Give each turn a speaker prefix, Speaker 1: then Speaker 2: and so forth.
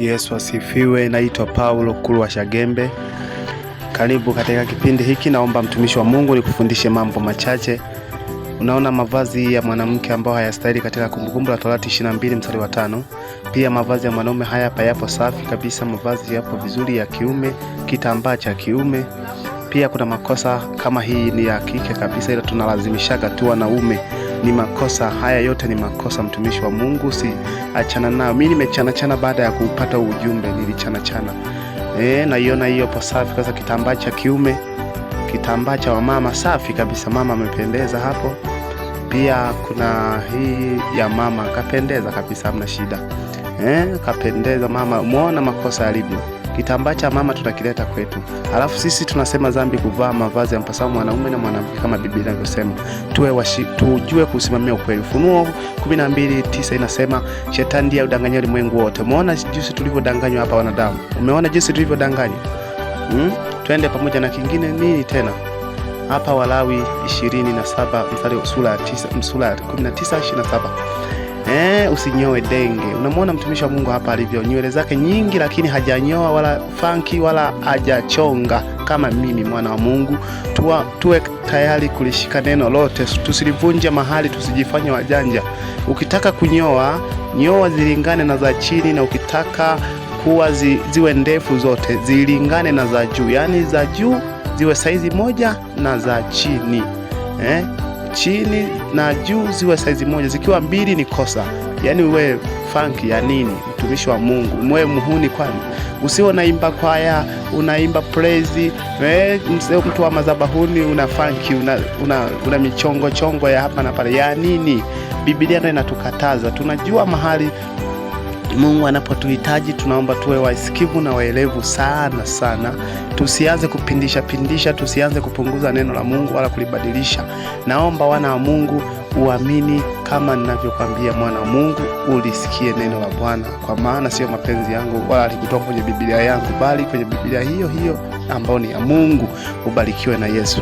Speaker 1: Yesu asifiwe. Naitwa Paulo Kulwa Shagembe. Karibu katika kipindi hiki. Naomba mtumishi wa Mungu nikufundishe mambo machache. Unaona mavazi ya mwanamke ambayo hayastahili katika Kumbukumbu la Torati 22 mstari wa tano. Pia mavazi ya mwanaume haya payapo safi kabisa, mavazi yapo vizuri ya kiume, kitambaa cha kiume. Pia kuna makosa kama hii ni ya kike kabisa, ila tunalazimishaga tu wanaume ni makosa. Haya yote ni makosa, mtumishi wa Mungu, si achana nao. Mi nimechanachana baada ya kupata ujumbe, nilichanachana e, naiona hiyo hapo. Safi sasa, kitambaa cha kiume, kitambaa cha wamama, safi kabisa. Mama amependeza hapo pia kuna hii ya mama kapendeza kabisa, amna shida eh, kapendeza mama. Umeona makosa yalivyo. Kitambaa cha mama tutakileta kwetu, alafu sisi tunasema zambi kuvaa mavazi ya mpasao mwanaume na mwanamke kama Biblia inavyosema. Tuwe washi, tujue kusimamia ukweli. Ufunuo 12:9 inasema shetani ndiye udanganya ulimwengu wote. Umeona jinsi tulivyodanganywa hapa wanadamu? Umeona jinsi tulivyodanganywa? Hmm? Twende pamoja na kingine nini tena? Hapa Walawi 27 mstari sura ya 9 mstari 19 27 eh, usinyoe denge. Unamwona mtumishi wa Mungu hapa alivyo, nywele zake nyingi, lakini hajanyoa wala funky wala hajachonga kama mimi. Mwana wa Mungu, tuwa, tuwe tayari kulishika neno lote, tusilivunje mahali, tusijifanye wajanja. Ukitaka kunyoa, nyoa zilingane na za chini, na ukitaka kuwa zi, ziwe ndefu zote zilingane na za juu, yaani za juu ziwe saizi moja na za chini eh? chini na juu ziwe saizi moja, zikiwa mbili ni kosa. Yaani uwe funky ya nini, mtumishi wa Mungu? Mwe muhuni kwani? usio naimba kwaya, unaimba praise, eh, mtu wa madhabahuni una funky, una, una, una michongo chongo ya hapa na pale ya nini? Biblia ndio inatukataza. Tunajua mahali
Speaker 2: Mungu anapotuhitaji tunaomba tuwe waisikivu na waelevu sana sana, tusianze kupindisha pindisha, tusianze kupunguza neno la Mungu wala kulibadilisha. Naomba wana wa Mungu uamini kama ninavyokwambia, mwana wa Mungu, ulisikie neno la Bwana, kwa maana siyo mapenzi yangu wala alikutoka kwenye Biblia yangu, bali kwenye Biblia hiyo hiyo ambayo ni ya Mungu. Ubarikiwe na Yesu.